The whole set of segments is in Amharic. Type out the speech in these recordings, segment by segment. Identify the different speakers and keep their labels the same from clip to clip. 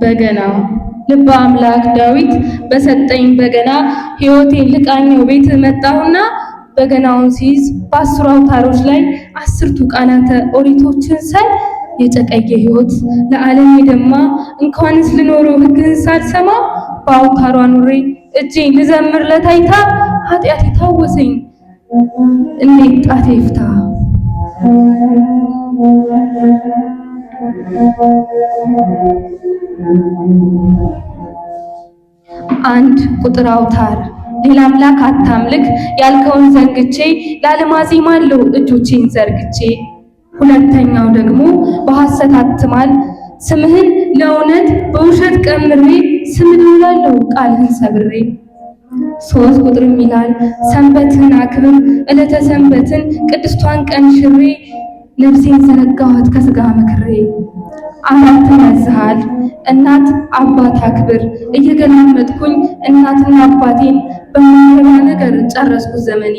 Speaker 1: በገና ልበ አምላክ ዳዊት በሰጠኝ በገና ሕይወቴን ልቃኘው ቤት መጣሁና በገናውን ሲይዝ በአስሩ አውታሮች ላይ አስርቱ ቃናተ ኦሪቶችን ሳይ የጨቀየ ሕይወት ለዓለም የደማ እንኳንስ ልኖረው ሕግህን ሳልሰማ በአውታሯ ኑሬ እጄን ልዘምር ለታይታ ኃጢአት የታወሰኝ እንዴት ጣቴ ይፍታ። አንድ ቁጥር አውታር ሌላ አምላክ አታምልክ ያልከውን ዘንግቼ ላለማዜም አለው እጆቼን ዘርግቼ። ሁለተኛው ደግሞ በሐሰት አትማል ስምህን ለእውነት በውሸት ቀምሬ ስምን ውላለሁ ቃልህን ሰብሬ። ሶስት ቁጥርም ይላል ሰንበትን አክብር ዕለተ ሰንበትን ቅድስቷን ቀን ሽሬ ነፍሴን ዘረጋኋት ከስጋ መክሬ አናትን ያዝሃል እናት አባት አክብር እየገላመጥኩኝ እናትና አባቴን በማይረባ ነገር ጨረስኩ ዘመኔ።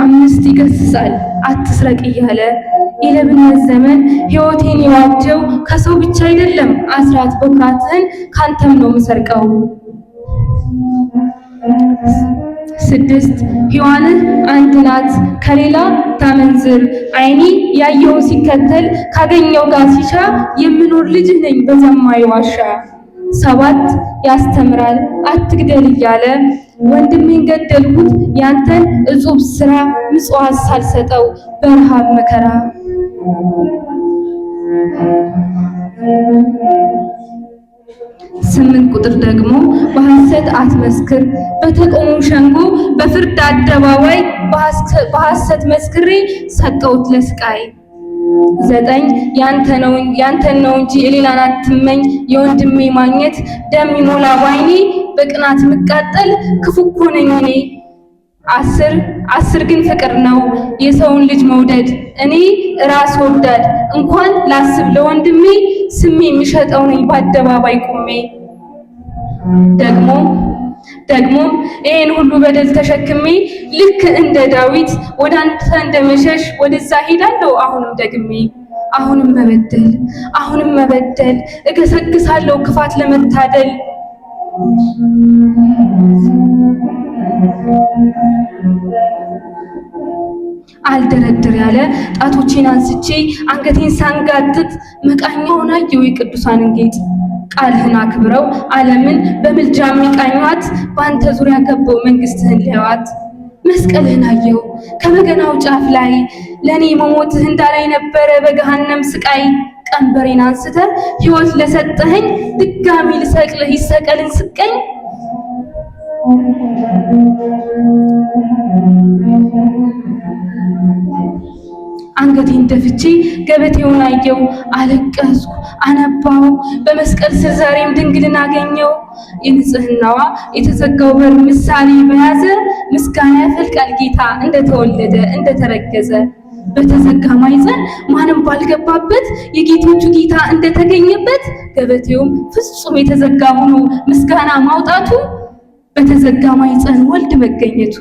Speaker 1: አምስት ይገስጻል አትስረቅ እያለ የለብነት ዘመን ህይወቴን የዋጀው ከሰው ብቻ አይደለም አስራት በኩራትህን ካንተም ነው የምሰርቀው። ስድስት ሕዋንህ አንድ ናት ከሌላ ታመንዝር ዓይኔ ያየው ሲከተል ካገኘው ጋር ሲሻ የምኖር ልጅ ነኝ በሰማይ ዋሻ ሰባት ያስተምራል አትግደል እያለ ወንድሜን ገደልኩት ያንተን እጹብ ስራ ምጽዋት ሳልሰጠው በረሃብ መከራ ስምንት ቁጥር ደግሞ በሐሰት አትመስክር፣ በተቃውሞ ሸንጎ በፍርድ አደባባይ በሐሰት መስክሬ ሰጠሁት ለስቃይ። ዘጠኝ ያንተን ነው እንጂ የሌላን አትመኝ፣ የወንድሜ ማግኘት ደም ይሞላ ባይኔ፣ በቅናት ምቃጠል ክፉ እኮ ነኝ እኔ አስር አስር ግን ፍቅር ነው የሰውን ልጅ መውደድ እኔ ራስ ወዳድ እንኳን ላስብ ለወንድሜ ስሜ የሚሸጠው ነኝ በአደባባይ ቁሜ ደግሞ ደግሞ ይሄን ሁሉ በደል ተሸክሜ ልክ እንደ ዳዊት ወደ አንተ እንደመሸሽ ወደዛ ሄዳለሁ አሁንም ደግሜ አሁንም መበደል አሁንም መበደል እገሰግሳለሁ ክፋት ለመታደል አልደረድር ያለ ጣቶቼን አንስቼ አንገቴን ሳንጋጥጥ መቃኛውን አየሁ የቅዱሳንን ጌጥ። ቃልህን አክብረው ዓለምን በምልጃ የሚቃኟት በአንተ ዙሪያ ከበው መንግስትህን ሊያዋት መስቀልህን አየው ከበገናው ጫፍ ላይ ለእኔ መሞትህ እንዳላይ ነበረ በገሃነም ስቃይ። ቀንበሬን አንስተ ህይወት ለሰጠኸኝ ድጋሚ ልሰቅልህ ይሰቀልን ስቀኝ አንገቴን ደፍቼ ገበቴውን አየው፣ አለቀስኩ፣ አነባው። በመስቀል ስር ዛሬም ድንግልን አገኘው። የንጽህናዋ የተዘጋው በር ምሳሌ በያዘ ምስጋና ያፈልቃል ጌታ እንደተወለደ እንደተረገዘ በተዘጋ ማይዘን ማንም ባልገባበት የጌቶቹ ጌታ እንደተገኘበት ገበቴውም ፍጹም የተዘጋ ሆኖ ምስጋና ማውጣቱ በተዘጋ ማኅፀን ወልድ መገኘቱ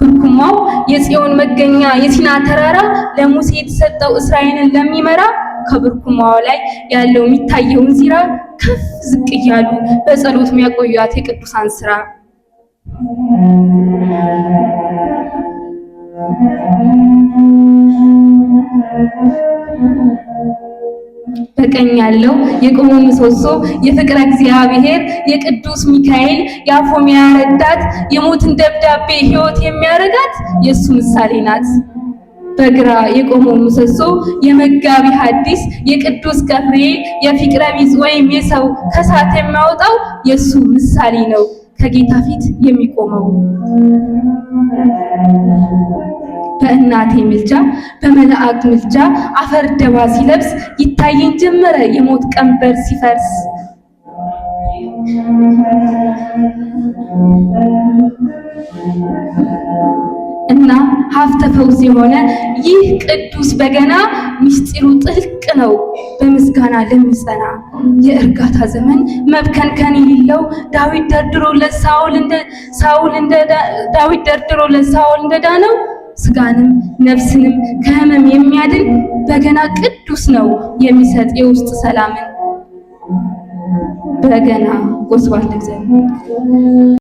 Speaker 1: ኩርኩማው የጽዮን መገኛ የሲና ተራራ ለሙሴ የተሰጠው እስራኤልን ለሚመራ ከብርኩማው ላይ ያለው የሚታየውን ዚራ ከፍ ዝቅ እያሉ በጸሎት የሚያቆዩት የቅዱሳን ስራ በቀኝ ያለው የቆሙ ምሰሶ የፍቅረ እግዚአብሔር የቅዱስ ሚካኤል የአፎሚያ ረዳት የሞትን ደብዳቤ ህይወት የሚያረጋት የእሱ ምሳሌ ናት። በግራ የቆመው ምሰሶ የመጋቢ ሐዲስ የቅዱስ ገብርኤል የፍቅረ ቢጽ ወይም የሰው ከሳት የሚያወጣው የእሱ ምሳሌ ነው። ከጌታ ፊት የሚቆመው በእናቴ ምልጃ በመላእክት ምልጃ አፈር ደባ ሲለብስ ይታየኝ ጀመረ የሞት ቀንበር ሲፈርስ። እና ሀብተ ፈውስ የሆነ ይህ ቅዱስ በገና ምስጢሩ ጥልቅ ነው በምስጋና ለሚጸና የእርጋታ ዘመን መብከንከን የሌለው ዳዊት ደርድሮ ለሳኦል እንደ ዳዊት ደርድሮ ለሳኦል እንደዳነው ስጋንም ነፍስንም ከህመም የሚያድን በገና ቅዱስ ነው የሚሰጥ የውስጥ ሰላምን በገና ጎስባል ለእግዚአብሔር።